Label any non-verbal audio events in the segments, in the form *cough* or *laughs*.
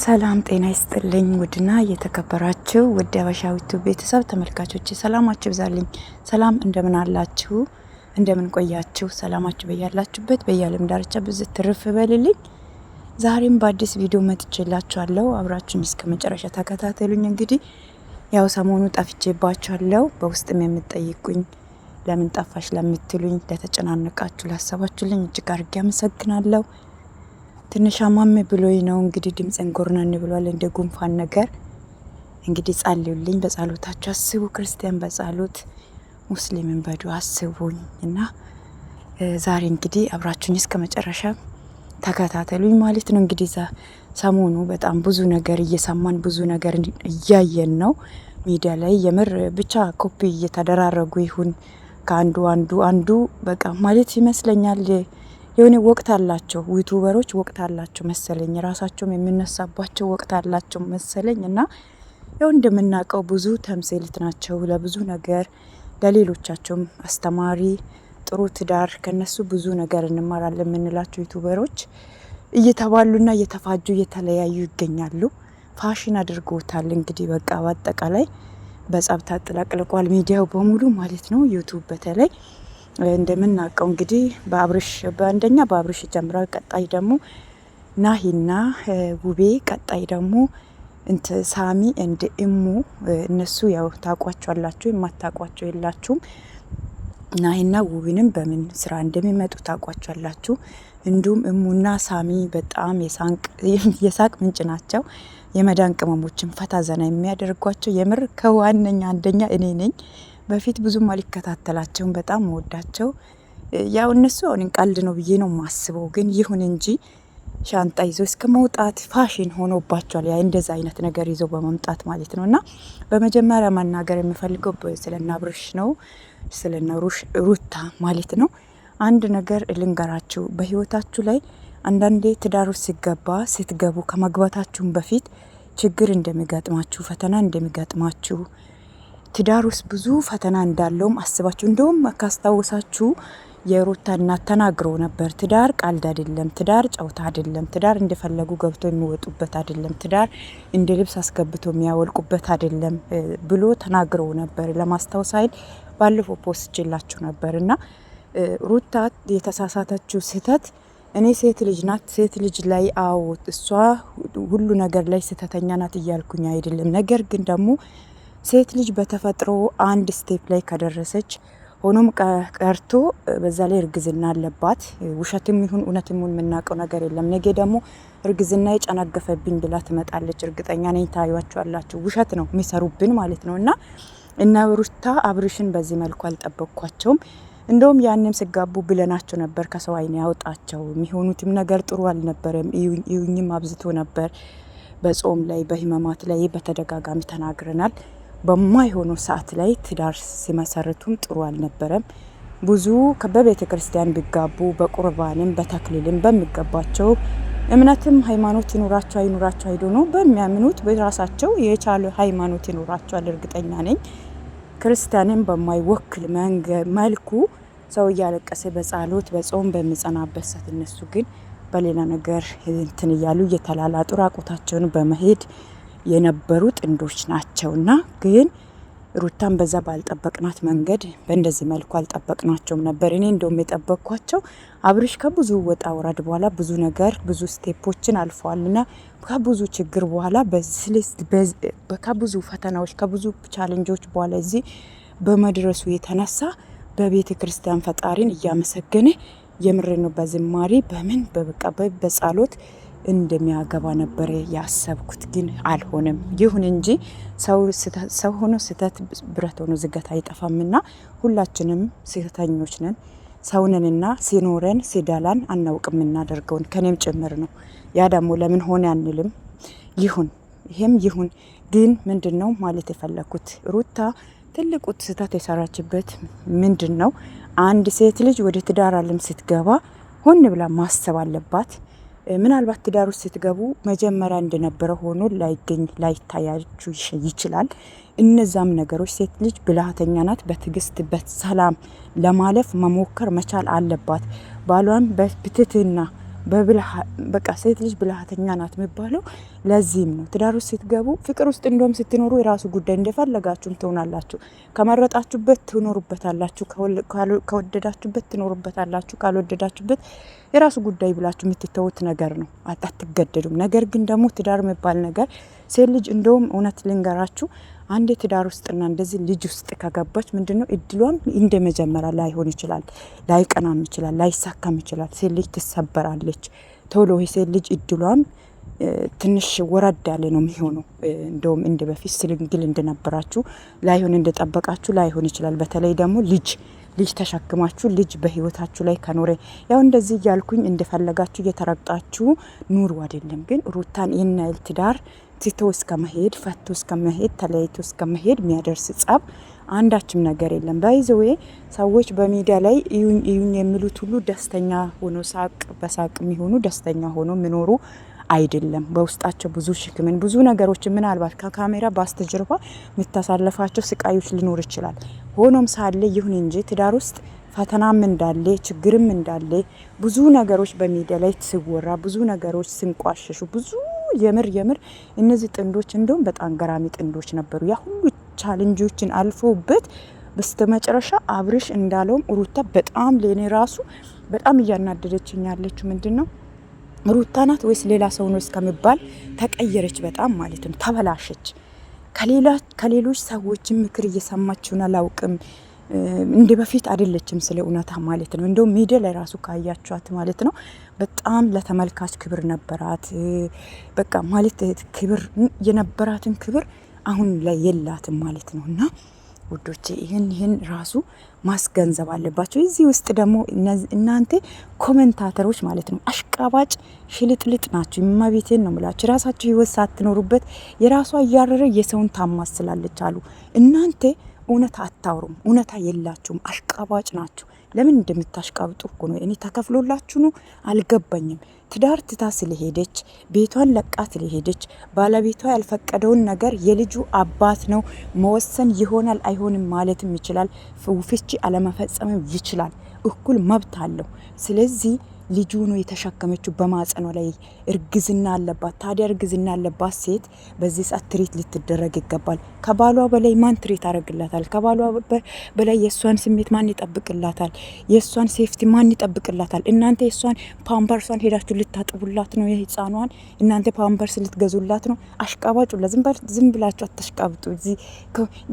ሰላም ሰላም፣ ጤና ይስጥልኝ ውድና የተከበራችሁ ውድ አበሻዊቱ ቤተሰብ ተመልካቾች ሰላማችሁ ይብዛልኝ። ሰላም እንደምን አላችሁ? እንደምን ቆያችሁ? ሰላማችሁ በያላችሁበት በየዓለም ዳርቻ ብዙ ትርፍ በልልኝ። ዛሬም በአዲስ ቪዲዮ መጥቼላችኋለሁ። አብራችሁን እስከ መጨረሻ ተከታተሉኝ። እንግዲህ ያው ሰሞኑ ጠፍቼባችኋለሁ። በውስጥም የምትጠይቁኝ ለምን ጠፋሽ ለምትሉኝ፣ ለተጨናነቃችሁ፣ ላሰባችሁልኝ እጅግ አድርጌ አመሰግናለሁ። ትንሽ አማም ብሎኝ ነው እንግዲህ ድምፅን ጎርነን ብሏል፣ እንደ ጉንፋን ነገር እንግዲህ ጸልዩልኝ። በጸሎታችሁ አስቡ። ክርስቲያን በጸሎት ሙስሊምን በዱ አስቡኝ እና ዛሬ እንግዲህ አብራችሁኝ እስከ መጨረሻ ተከታተሉኝ ማለት ነው። እንግዲህ ሰሞኑ በጣም ብዙ ነገር እየሰማን ብዙ ነገር እያየን ነው ሚዲያ ላይ የምር ብቻ ኮፒ እየተደራረጉ ይሁን ከአንዱ አንዱ አንዱ በቃ ማለት ይመስለኛል የሆነ ወቅት አላቸው ዩቱበሮች ወቅት አላቸው መሰለኝ፣ ራሳቸውም የሚነሳባቸው ወቅት አላቸው መሰለኝ። እና ያው እንደምናውቀው ብዙ ተምሳሌት ናቸው ለብዙ ነገር ለሌሎቻቸውም አስተማሪ ጥሩ ትዳር ከነሱ ብዙ ነገር እንማራለን የምንላቸው ዩቱበሮች እየተባሉና እየተፋጁ እየተለያዩ ይገኛሉ። ፋሽን አድርጎታል እንግዲህ በቃ በአጠቃላይ በጸብ ታጥለቅልቋል ሚዲያው በሙሉ ማለት ነው ዩቱብ በተለይ እንደምናውቀው እንግዲህ በአብርሽ በአንደኛ በአብርሽ ይጀምራል። ቀጣይ ደግሞ ናሂና ውቤ፣ ቀጣይ ደግሞ እንት ሳሚ እንድ እሙ እነሱ ያው ታቋቸዋላችሁ፣ የማታቋቸው የላችሁም። ናሂና ውብንም በምን ስራ እንደሚመጡ ታቋቸዋላችሁ። እንዲሁም እሙና ሳሚ በጣም *laughs* የሳቅ ምንጭ ናቸው። የመዳን ቅመሞችን ፈታ ዘና የሚያደርጓቸው የምር ከዋነኛ አንደኛ እኔ ነኝ። በፊት ብዙም አልከታተላቸውም። በጣም ወዳቸው ያው እነሱ አሁን ቀልድ ነው ብዬ ነው ማስበው። ግን ይሁን እንጂ ሻንጣ ይዞ እስከ መውጣት ፋሽን ሆኖባቸዋል። ያ እንደዛ አይነት ነገር ይዞ በመምጣት ማለት ነው። እና በመጀመሪያ መናገር የምፈልገው ስለና ብርሽ ነው ስለና ሩታ ማለት ነው። አንድ ነገር ልንገራችሁ፣ በህይወታችሁ ላይ አንዳንዴ ትዳሩ ሲገባ ስትገቡ ከመግባታችሁም በፊት ችግር እንደሚገጥማችሁ ፈተና እንደሚገጥማችሁ ትዳር ውስጥ ብዙ ፈተና እንዳለውም አስባችሁ እንደውም ካስታወሳችሁ የሩታ እናት ተናግሮ ነበር። ትዳር ቀልድ አይደለም፣ ትዳር ጨውታ አይደለም፣ ትዳር እንደፈለጉ ገብቶ የሚወጡበት አይደለም፣ ትዳር እንደ ልብስ አስገብቶ የሚያወልቁበት አይደለም ብሎ ተናግሮ ነበር። ለማስታወስ አይል ባለፈው ፖስት ችላችሁ ነበር እና ሩታ የተሳሳተችው ስህተት እኔ ሴት ልጅ ናት። ሴት ልጅ ላይ አዎ እሷ ሁሉ ነገር ላይ ስህተተኛ ናት እያልኩኝ አይደለም። ነገር ግን ደግሞ ሴት ልጅ በተፈጥሮ አንድ ስቴፕ ላይ ከደረሰች ሆኖም ቀርቶ በዛ ላይ እርግዝና አለባት፣ ውሸትም ይሁን እውነትም ይሁን የምናውቀው ነገር የለም። ነገ ደግሞ እርግዝና የጨናገፈብኝ ብላ ትመጣለች። እርግጠኛ ነኝ ታዩዋቸዋላችሁ። ውሸት ነው የሚሰሩብን ማለት ነው። እና እና ሩታ አብርሽን በዚህ መልኩ አልጠበቅኳቸውም። እንደውም ያንም ስጋቡ ብለናቸው ነበር፣ ከሰው አይን ያወጣቸው የሚሆኑትም ነገር ጥሩ አልነበረም። እዩኝም አብዝቶ ነበር። በጾም ላይ በህመማት ላይ በተደጋጋሚ ተናግረናል። በማይሆነው ሰዓት ላይ ትዳር ሲመሰርቱም ጥሩ አልነበረም። ብዙ በቤተ ክርስቲያን ቢጋቡ በቁርባንም በተክሊልም በሚገባቸው እምነትም ሃይማኖት ይኑራቸው አይኑራቸው አይዶ ነው በሚያምኑት በራሳቸው የቻለ ሃይማኖት ይኑራቸዋል። እርግጠኛ ነኝ ክርስቲያንን በማይወክል መልኩ ሰው እያለቀሰ በጸሎት በጾም በሚጸናበት ሰዓት እነሱ ግን በሌላ ነገር እንትን እያሉ እየተላላጡ ራቁታቸውን በመሄድ የነበሩ ጥንዶች ናቸውና ግን ሩታን በዛ ባልጠበቅናት መንገድ በእንደዚህ መልኩ አልጠበቅናቸውም ነበር። እኔ እንደውም የጠበቅኳቸው አብርሽ ከብዙ ወጣ ውረድ በኋላ ብዙ ነገር ብዙ ስቴፖችን አልፈዋልና ከብዙ ችግር በኋላ ከብዙ ፈተናዎች ከብዙ ቻለንጆች በኋላ እዚህ በመድረሱ የተነሳ በቤተ ክርስቲያን ፈጣሪን እያመሰገነ የምሬ ነው በዝማሬ በምን በበቃ በጸሎት እንደሚያገባ ነበረ ያሰብኩት፣ ግን አልሆነም። ይሁን እንጂ ሰው ሆኖ ስህተት ብረት ሆኖ ዝገት አይጠፋምና ሁላችንም ስህተኞች ነን። ሰውነንና ሲኖረን ሲዳላን አናውቅም እናደርገውን ከኔም ጭምር ነው። ያ ደግሞ ለምን ሆነ አንልም። ይሁን ይሄም ይሁን ግን ምንድን ነው ማለት የፈለኩት ሩታ ትልቁ ስህተት የሰራችበት ምንድን ነው? አንድ ሴት ልጅ ወደ ትዳር ስትገባ ሆን ብላ ማሰብ አለባት። ምናልባት ትዳር ውስጥ ስትገቡ መጀመሪያ እንደነበረ ሆኖ ላይገኝ ላይታያችሁ ይችላል። እነዛም ነገሮች ሴት ልጅ ብልሃተኛ ናት። በትዕግስት በሰላም ለማለፍ መሞከር መቻል አለባት። ባሏን በትህትና በቃ ሴት ልጅ ብልሃተኛ ናት የሚባለው ለዚህም ነው። ትዳር ውስጥ ስትገቡ ፍቅር ውስጥ እንደውም ስትኖሩ የራሱ ጉዳይ እንደፈለጋችሁም ትሆናላችሁ። ከመረጣችሁበት ትኖሩበታላችሁ፣ ከወደዳችሁበት ትኖሩበታላችሁ፣ ካልወደዳችሁበት የራሱ ጉዳይ ብላችሁ የምትተውት ነገር ነው። አትገደዱም። ነገር ግን ደግሞ ትዳር የሚባል ነገር ሴት ልጅ እንደውም እውነት ልንገራችሁ አንድ ትዳር ውስጥና እንደዚህ ልጅ ውስጥ ከገባች ምንድነው እድሏም እንደ መጀመሪያ ላይሆን ይችላል፣ ላይቀናም ይችላል፣ ላይሳካም ይችላል። ሴት ልጅ ትሰበራለች ቶሎ። ሴት ልጅ እድሏም ትንሽ ወረድ ያለ ነው የሚሆነው። እንደውም እንደ በፊት ስልንግል እንደነበራችሁ ላይሆን እንደጠበቃችሁ ላይሆን ይችላል። በተለይ ደግሞ ልጅ ልጅ ተሸክማችሁ ልጅ በህይወታችሁ ላይ ከኖረ ያው እንደዚህ እያልኩኝ እንደፈለጋችሁ እየተረግጣችሁ ኑሩ አይደለም። ግን ሩታን ይህን ያህል ትዳር ትቶ እስከ መሄድ ፈቶ እስከ መሄድ ተለያይቶ እስከ መሄድ የሚያደርስ ጸብ አንዳችም ነገር የለም። ባይዘዌ ሰዎች በሚዲያ ላይ እዩኝ እዩኝ የሚሉት ሁሉ ደስተኛ ሆኖ ሳቅ በሳቅ የሚሆኑ ደስተኛ ሆኖ የሚኖሩ አይደለም። በውስጣቸው ብዙ ሽክምን ብዙ ነገሮች ምናልባት ከካሜራ በስተጀርባ የምታሳለፋቸው ስቃዮች ሊኖር ይችላል። ሆኖም ሳለ ይሁን እንጂ ትዳር ውስጥ ፈተናም እንዳለ ችግርም እንዳለ ብዙ ነገሮች በሚዲያ ላይ ሲወራ ብዙ ነገሮች ሲንቋሸሹ ብዙ የምር የምር እነዚህ ጥንዶች እንደውም በጣም ገራሚ ጥንዶች ነበሩ። ያ ሁሉ ቻሌንጆችን አልፈውበት በስተመጨረሻ አብርሽ እንዳለውም ሩታ በጣም ለእኔ ራሱ በጣም እያናደደችኝ ያለችው ምንድን ነው ሩታ ናት ወይስ ሌላ ሰው ነው እስከሚባል ተቀየረች። በጣም ማለት ነው ተበላሸች። ከሌሎች ሰዎችን ምክር እየሰማችሁን አላውቅም እንደ በፊት አይደለችም። ስለ እውነታ ማለት ነው። እንደውም ሚዲያ ላይ ራሱ ካያችኋት ማለት ነው በጣም ለተመልካች ክብር ነበራት። በቃ ማለት ክብር የነበራትን ክብር አሁን ላይ የላትም ማለት ነው እና ውዶቼ ይህን ይህን ራሱ ማስገንዘብ አለባቸው። እዚህ ውስጥ ደግሞ እናንተ ኮመንታተሮች ማለት ነው አሽቃባጭ ሽልጥልጥ ናቸው። እመቤቴን ነው ምላቸው። የራሳቸው ህይወት ሳትኖሩበት የራሷ እያረረ የሰውን ታማስላለች አሉ እናንተ እውነት አታውሩም፣ እውነታ የላችሁም፣ አሽቃባጭ ናችሁ። ለምን እንደምታሽቃብጡ እኮ ነው እኔ ተከፍሎላችሁ ነው አልገባኝም። ትዳር ትታ ስለሄደች ቤቷን ለቃ ስለሄደች ባለቤቷ ያልፈቀደውን ነገር የልጁ አባት ነው መወሰን ይሆናል አይሆንም ማለትም ይችላል። ፍቺ አለመፈጸምም ይችላል። እኩል መብት አለው። ስለዚህ ልጁ ነው የተሸከመችው በማጸኗ ላይ እርግዝና አለባት። ታዲያ እርግዝና አለባት ሴት በዚህ ሰዓት ትሪት ልትደረግ ይገባል። ከባሏ በላይ ማን ትሪት አደረግላታል? ከባሏ በላይ የእሷን ስሜት ማን ይጠብቅላታል? የእሷን ሴፍቲ ማን ይጠብቅላታል? እናንተ የእሷን ፓምፐርሷን ሄዳችሁ ልታጥቡላት ነው? የህፃኗን እናንተ ፓምፐርስ ልትገዙላት ነው? አሽቃባጩ ዝም ብላችሁ አታሽቃብጡ። እዚህ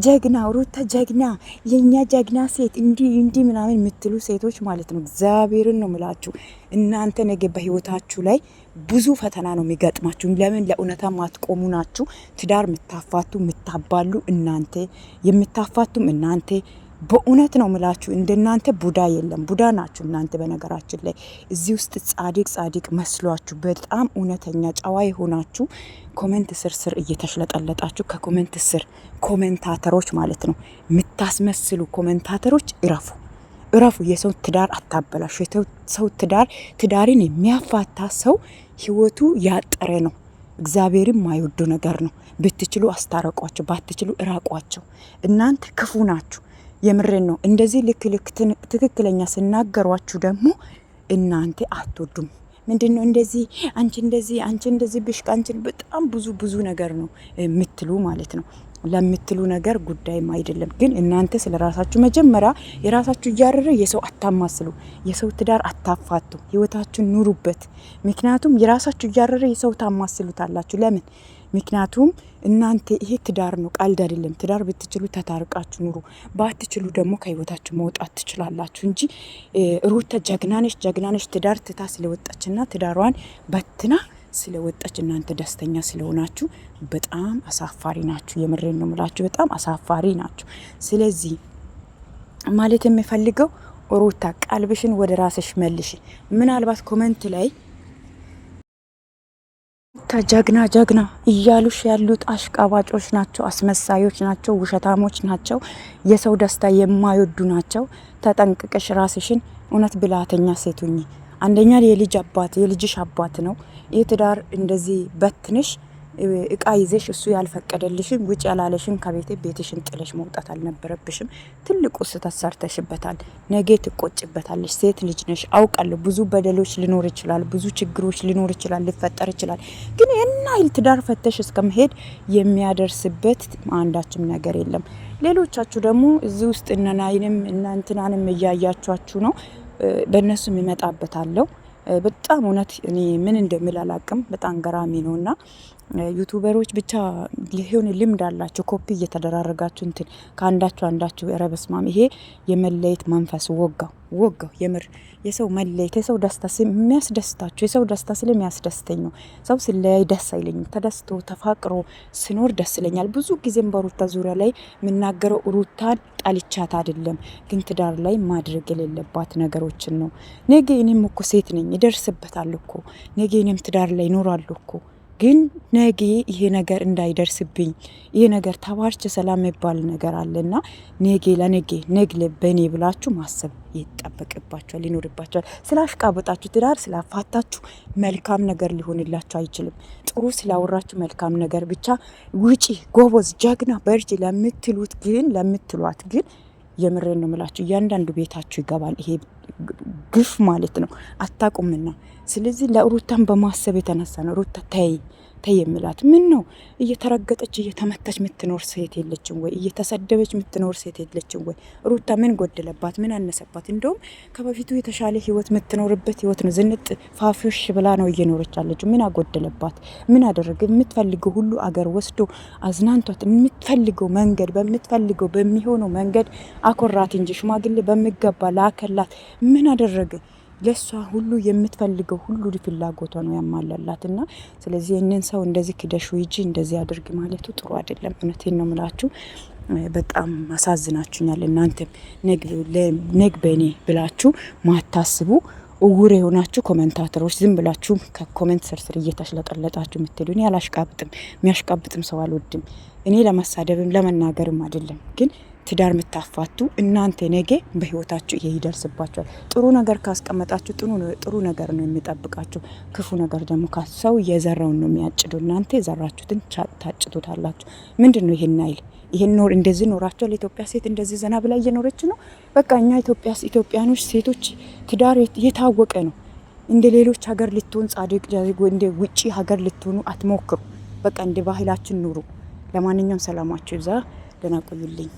ጀግና ሩታ ጀግና፣ የእኛ ጀግና ሴት እንዲ እንዲ ምናምን የምትሉ ሴቶች ማለት ነው እግዚአብሔርን ነው ምላችሁ እናንተ ነገ በህይወታችሁ ላይ ብዙ ፈተና ነው የሚገጥማችሁ። ለምን ለእውነታ ማትቆሙ ናችሁ። ትዳር የምታፋቱ የምታባሉ እናንተ የምታፋቱም እናንተ በእውነት ነው ምላችሁ፣ እንደናንተ ቡዳ የለም። ቡዳ ናችሁ እናንተ። በነገራችን ላይ እዚህ ውስጥ ጻድቅ ጻድቅ መስሏችሁ በጣም እውነተኛ ጨዋ የሆናችሁ ኮመንት ስር ስር እየተሽለጠለጣችሁ ከኮመንት ስር ኮመንታተሮች ማለት ነው የምታስመስሉ ኮመንታተሮች እረፉ። እረፉ። የሰው ትዳር አታበላሹ። ሰው ትዳር ትዳርን የሚያፋታ ሰው ህይወቱ ያጠረ ነው። እግዚአብሔርም ማይወዱ ነገር ነው። ብትችሉ አስታረቋቸው፣ ባትችሉ እራቋቸው። እናንተ ክፉ ናችሁ። የምሬን ነው። እንደዚህ ልክ ልክ ትክክለኛ ስናገሯችሁ ደግሞ እናንተ አትወዱም። ምንድን ነው እንደዚህ አንቺ እንደዚህ አንቺ እንደዚህ ብሽቅ በጣም ብዙ ብዙ ነገር ነው የምትሉ ማለት ነው። ለምትሉ ነገር ጉዳይም አይደለም። ግን እናንተ ስለ ራሳችሁ መጀመሪያ የራሳችሁ እያረረ የሰው አታማስሉ፣ የሰው ትዳር አታፋቱ፣ ህይወታችሁን ኑሩበት። ምክንያቱም የራሳችሁ እያረረ የሰው ታማስሉታላችሁ። ለምን? ምክንያቱም እናንተ ይሄ ትዳር ነው፣ ቀልድ አይደለም። ትዳር ብትችሉ ተታርቃችሁ ኑሩ፣ ባትችሉ ደግሞ ከህይወታችሁ መውጣት ትችላላችሁ እንጂ ሩታ ጀግናነች ጀግናነች ትዳር ትታ ስለወጣችና ትዳሯን በትና ስለወጣች እናንተ ደስተኛ ስለሆናችሁ በጣም አሳፋሪ ናችሁ። የምሬን ነው ምላችሁ፣ በጣም አሳፋሪ ናችሁ። ስለዚህ ማለት የምፈልገው ሩታ ቀልብሽን ወደ ራስሽ መልሽ። ምናልባት ኮመንት ላይ ጀግና ጀግና እያሉሽ ያሉት አሽቃባጮች ናቸው፣ አስመሳዮች ናቸው፣ ውሸታሞች ናቸው፣ የሰው ደስታ የማይወዱ ናቸው። ተጠንቅቀሽ ራስሽን እውነት ብላተኛ ሴቱኝ አንደኛ የልጅ አባት የልጅሽ አባት ነው። ይህ ትዳር እንደዚህ በትንሽ እቃ ይዘሽ እሱ ያልፈቀደልሽን ውጭ ያላለሽን ከቤቴ ቤትሽን ጥለሽ መውጣት አልነበረብሽም። ትልቁ ስህተት ሰርተሽበታል። ነገ ትቆጭበታለሽ። ሴት ልጅ ነሽ አውቃለሁ። ብዙ በደሎች ሊኖር ይችላል፣ ብዙ ችግሮች ሊኖር ይችላል፣ ሊፈጠር ይችላል። ግን የና ይል ትዳር ፈተሽ እስከመሄድ የሚያደርስበት አንዳችም ነገር የለም። ሌሎቻችሁ ደግሞ እዚህ ውስጥ እነናይንም እናንትናንም እያያችኋችሁ ነው። በእነሱም አለው በጣም እውነት እኔ ምን እንደምል አላቅም። በጣም ገራሚ ነው እና ዩቱበሮች ብቻ ሊሆን ልምድ አላችሁ። ኮፒ እየተደራረጋችሁ እንትን ከአንዳችሁ አንዳችሁ ረበስማም ይሄ የመለየት መንፈስ ወጋው ወጋው። የምር የሰው መለየት የሰው ደስታ የሚያስደስታችሁ የሰው ደስታ ስለሚያስደስተኝ ነው። ሰው ስለያይ ደስ አይለኝም። ተደስቶ ተፋቅሮ ስኖር ደስ ይለኛል። ብዙ ጊዜም በሩታ ዙሪያ ላይ የምናገረው ሩታን ጣልቻት አይደለም፣ ግን ትዳር ላይ ማድረግ የሌለባት ነገሮችን ነው። ነገ እኔም እኮ ሴት ነኝ፣ ይደርስበታል እኮ ነገ እኔም ትዳር ላይ ይኖራሉ እኮ ግን ነገ ይሄ ነገር እንዳይደርስብኝ ይሄ ነገር ተባርች ሰላም የሚባል ነገር አለና ነገ ለነገ ነግለ በእኔ ብላችሁ ማሰብ ይጠበቅባችኋል፣ ይኖርባችኋል። ስላሽቃበጣችሁ ትዳር ስላፋታችሁ መልካም ነገር ሊሆንላችሁ አይችልም። ጥሩ ስላወራችሁ መልካም ነገር ብቻ ውጪ ጎበዝ፣ ጀግና፣ በርጅ ለምትሉት ግን ለምትሏት ግን የምሬን ነው ምላችሁ፣ እያንዳንዱ ቤታችሁ ይገባል ይሄ ግፍ ማለት ነው። አታቁምና። ስለዚህ ለሩታን በማሰብ የተነሳ ነው ሩታ ተይ ተይ የምላት ምን ነው? እየተረገጠች እየተመታች የምትኖር ሴት የለችም ወይ? እየተሰደበች ምትኖር ሴት የለችም ወይ? ሩታ ምን ጎደለባት? ምን አነሰባት? እንደውም ከበፊቱ የተሻለ ህይወት የምትኖርበት ህይወት ነው። ዝንጥ ፋፍሽ ብላ ነው እየኖረች አለችው። ምን አጎደለባት? ምን አደረገ? የምትፈልገው ሁሉ አገር ወስዶ አዝናንቷት፣ የምትፈልገው መንገድ በምትፈልገው በሚሆነው መንገድ አኮራት እንጂ ሽማግሌ በሚገባ ላከላት። ምን አደረገ? ለእሷ ሁሉ የምትፈልገው ሁሉ ፍላጎቷ ነው ያማለላት። እና ስለዚህ ይህንን ሰው እንደዚህ ክደሹ ይጂ እንደዚህ አድርግ ማለቱ ጥሩ አይደለም። እውነቴን ነው ምላችሁ። በጣም አሳዝናችሁኛል። እናንተም ነግ በእኔ ብላችሁ ማታስቡ እውር የሆናችሁ ኮመንታተሮች ዝም ብላችሁ ከኮመንት ስርስር እየተሽለጠለጣችሁ የምትሄዱ እኔ አላሽቃብጥም፣ የሚያሽቃብጥም ሰው አልወድም። እኔ ለመሳደብም ለመናገርም አይደለም ግን ትዳር የምታፋቱ እናንተ ነገ በህይወታችሁ ይሄ ይደርስባችኋል። ጥሩ ነገር ካስቀመጣችሁ ጥሩ ነው፣ ጥሩ ነገር ነው የሚጠብቃችሁ። ክፉ ነገር ደግሞ ሰው የዘራውን ነው የሚያጭዱ። እናንተ የዘራችሁትን ታጭዱታላችሁ። ምንድን ነው ይሄን አይል ይሄን ኖር እንደዚህ ኖራችኋል። ኢትዮጵያ ሴት እንደዚህ ዘና ብላ እየኖረች ነው። በቃ እኛ ኢትዮጵያ ኢትዮጵያኖች ሴቶች ትዳር የታወቀ ነው። እንደ ሌሎች ሀገር ልትሆን ጻድቅ እንደ ውጪ ሀገር ልትሆኑ አትሞክሩ። በቃ እንደ ባህላችን ኑሩ። ለማንኛውም ሰላማችሁ ይብዛ። ደህና ቆዩልኝ።